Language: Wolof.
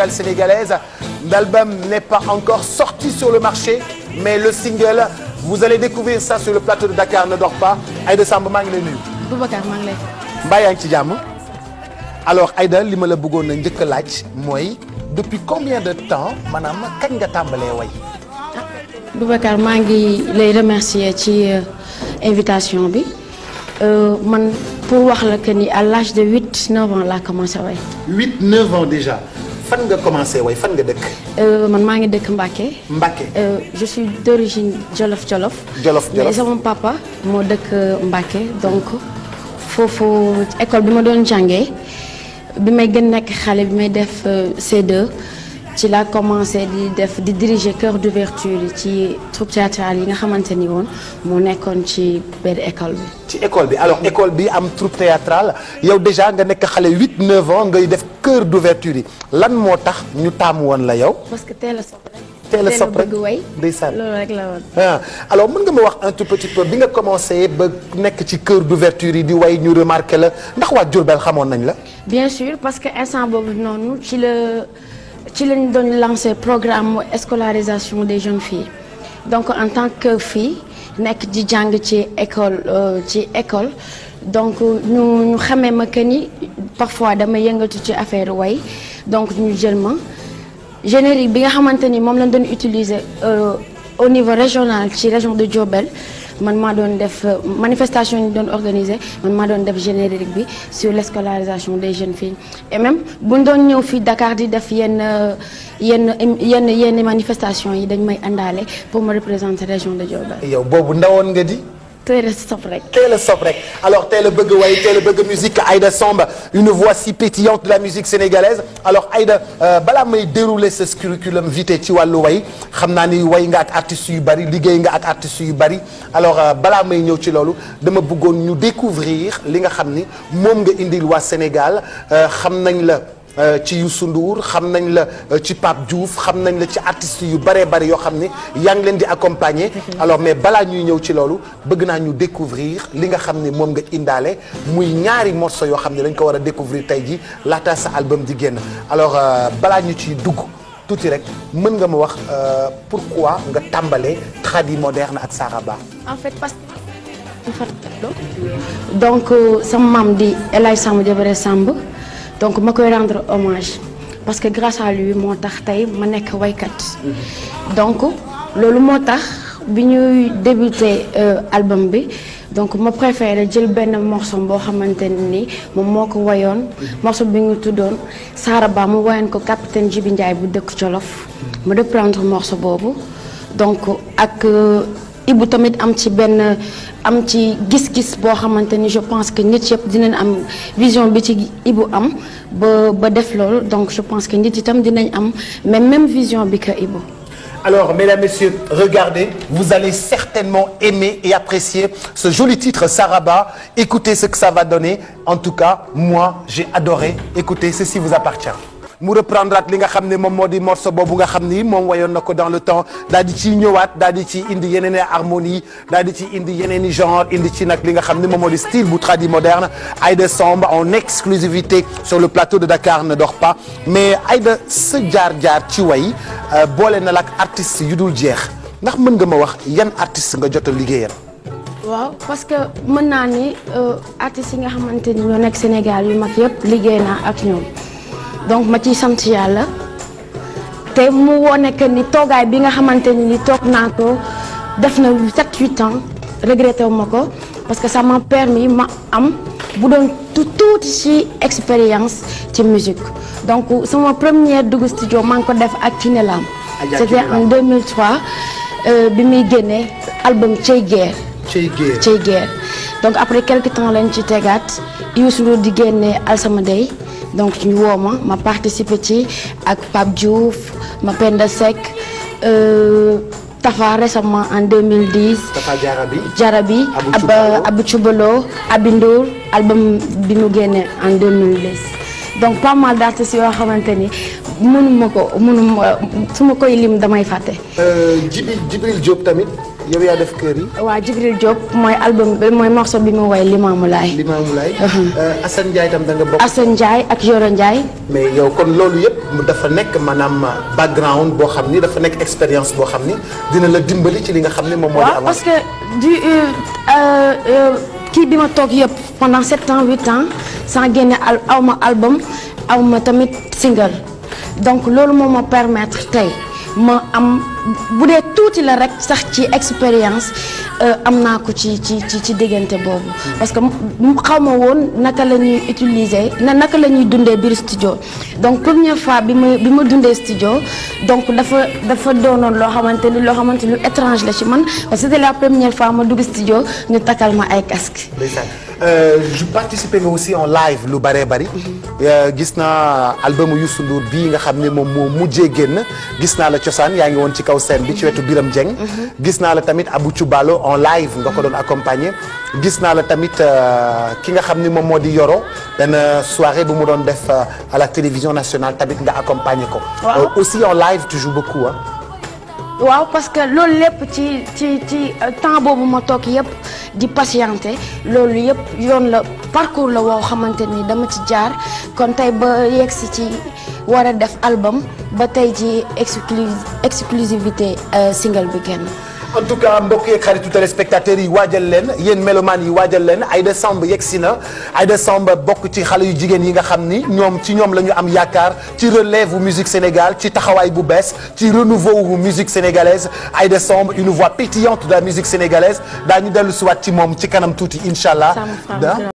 musicale sénégalaise. L'album n'est pas encore sorti sur le marché, mais le single, vous allez découvrir ça sur le plateau de Dakar ne dort pas. Aïda Samb maa ngi lay nuyu. Boubacar maa ngi lay. Mbaa ci jàmm. alors Aïda li ma la bëggoon na njëkk a laaj mooy depuis combien de temps maanaam kañ nga tàmbalee way. Ah, Boubacar maa ngi lay remercier ci euh, invitation bi euh, man pour wax la que ni à l'âge de huit neuf ans laa commencé way. huit neuf ans déjà. fan nga commencé way fan nga dëkk. Euh, man maa ngi dëkk Mbacke. Mbacke euh, je suis d'origine Jolof Jolof. Jolof Jolof mais sama papa moo dëkk euh, Mbacke donc foofu école bi ma doon jàngee bi may gën nekk xale bi may def C2. ci laa commencé di def di diriger chœur d'ouverture yi ci troupe théâtrale yi nga xamante ni woon moo nekkoon ci benn école bi. ci école bi alors école bi am troupe théâtrale yow déjà nga nekk xale huit 9 ans ngay def chœur d'ouverture yi lan moo tax ñu taamu woon la yow. parce que teel a rek. teel a sopp rek rek la woon. ah nga ma wax un bi nga commencé ba nekk ci chœur d'ouverture yi di way ñu remarqué la ndax waa Diourbel xamoon nañ la. bien sûr parce que instant boobu noonu ci la. ci lañ doon lancer programme scolarisation des jeunes filles donc en tant que fille nekk di jàng ci école euh, ci école donc ñu ñu xamee ma que ni parfois dama yëngatu ci affaire way donc ñu jël ma générique bi nga xamante ni moom lañ doon utiliser euh, au niveau régional ci région de Diourbel man maa doon def euh, manifestation yi doon organisé man maa doon def générique bi su l' scolarisation des jeunes filles et bu ñu doon ñëw fii dakaar di def yenn yenn yenn yenn manifestation yi dañ may àndaale pour ma représenter région de Diourbel. yow boobu ndawoon nga di. teel a sob rek teel a sob rek alors teel bëgg way teel a bëgg musique Aïda Samba une voix si pétillante de la musique sénégalaise alors Aïda euh, balaa may dérouler ce curriculum vitae ci wàllu way xam naa ni way nga ak artistes yu bari liggéey nga ak artistu yu bari alors euh, balaa may ñëw ci loolu dama bëggoon ñu découvrir li nga xam ni moom nga indi waa Sénégal euh, xam nañ la Euh, ci Youssou Ndour xam nañ la euh, ci Pape Diouf xam nañ la ci artistes yu bëree bëri yoo xam ni yaa ngi leen di accompagner. alors mais balaa ñuy ñëw ci loolu bëgg naa ñu découvrir li nga xam ni moom nga indaale muy ñaari morceaux yoo xam ne dañ ko war a découvrir tey ji laata sa album di génn alors euh, balaa ñu ci dugg tuuti rek mën nga ma wax pourquoi nga tàmbalee tradi moderne ak Saraba. en fait parce que donc sama maam di El Hadj Samb Jabare donc ma koy rendre hommage parce que grâce moo tax tey ma nekk woykat donc loolu moo tax bi ñuy débuté euh, album bi donc ma préféré jël benn morceau boo xamante ne ni moom moo ko woyoon morceau bi nga tuddoon Saara Ba mu woyoon ko capitaine Jibi Ndiaye bu dëkk Jolof ma reprendre morceau boobu donc ak euh, Ibou tamit am ci benn am ci gis-gis boo xamante ni je pense que nit yëpp dinañ am vision bi ci Ibou am ba ba def loolu donc je pense que nit itam dinañ am mais même vision bi que Ibou. Alors, mesdames, messieurs, regardez, vous allez certainement aimer et apprécier ce joli titre Saraba. Écoutez ce que ça va donner. En tout cas, moi, j'ai adoré. Écoutez, ceci vous appartient. mu reprendraat li nga xam ne moom moo di morceau boobu nga xam ni moom wayoon na ko dans le temps daal di ciy ñëwaat daal di ci indi yeneen harmonie daal ci indi yeneen genre indi ci nag li nga xam ne moom moo di style bu tradi moderne Aïda Samb en exclusivité sur le plateau de Dakar ne dort pas mais Aïda sa jaar-jaar ci way euh, boole na la ak artistes yu dul jeex ndax mën nga ma wax yan artiste nga jot a liggéeyal waaw parce que mën naa ni euh, artistes yi nga xamante ni ñoo nekk Sénégal yu mag yëpp liggéey naa ak donc ma ci sant yàlla te mu wone que ni toogaay bi nga xamante ni toog naa ko def na sept huit ans regretté wu ma ko parce que sama m'a permis ma am bu doon tuuti ci expérience ci musique donc sama première dugg studio maa ngi ko def ak Kiné Lam c'était en 2003 euh, bi muy génnee album Cey Guerre Cey Guerre donc après quelque temps lañ ci tegaat Youssou Ndour di génnee Al Sama Day donc ñu woo ma ma participer ci ak Pape Diouf Mapenda Seck euh, Tafa récemment en 2010. Tafa Jarabi. Jarabi Abou Thioubalo album bi mu génnee en donc pas mal d'artistes yoo xamante ni mënuma ko mënuma su ma koy lim damay fàtte. Euh, Jibi Jibril Diop tamit. yow yaa def kër yi. waaw Jibril Diop mooy album bi mooy morceau bi mu woy Limaamu Laay. Limaamu Laay. Uh-huh. Euh, Assane Ndiaye tam da nga bokk. Assane Ndiaye ak Yoro Ndiaye. mais yow kon loolu yëpp dafa nekk maanaam background boo xam ni dafa nekk expérience boo xam ni dina la dimbali ci li nga xam ne moom moo. waaw parce que du euh, kii bi ma toog yëpp pendant sept ans huit ans. sans génne al aw ma album aw ma tamit single donc loolu moo ma permettre tey ma am bu dee tuuti la rek sax ci expérience Euh, am naa ko ci ci ci ci diggante boobu parce que xaw ma woon naka la ñuy utiliser na naka la ñuy dundee biir studio donc première fois bi ma bi ma dundee studio donc dafa dafa doonoon loo xamante ni loo xamante ni lu étrange la ci man parce que c'était la première fois ma dugg studio ñu takkal ma ay casque euh, je participé nga aussi en live lu bëree bëri mhm. euh, gis naa album Youssou Ndour bii nga xam ne moom moo mujjee génn gis naa la cosaan yaa ngi woon ci kaw scène bi ci wetu Biram Dieng mhm. gis en live nga ko doon accompagner gis naa la tamit euh, ki nga xam ni moom moo di Yoro benn soirée bu mu doon def euh, à la télévision nationale tamit nga accompagner ko. waaw euh, aussi en live toujours beaucoup ah. waaw parce que loolu lépp ci ci ci temps boobu ma toog yëpp di patienter loolu yëpp yoon la parcours la woo xamante nii dama ci jaar kon tey ba si ci war def album ba tey ci exclusivité exclusivité single bi kenn. en tout cas mbokk yeeg xaritu téléspectateurs yi waajal leen yéen melomaan yi waajal leen Aïda Samb yegg si na Aïda Samb bokk ci xale yu jigéen yi nga xam ni ñoom ci ñoom la ñu am yaakaar ci relève wu musique Sénégal ci taxawaay bu bees ci renouveau wu musique sénégalaise Aïda Samb une voix pétillante de la musique sénégalaise daañu dellu siwaat ci moom ci kanam tuuti incha allah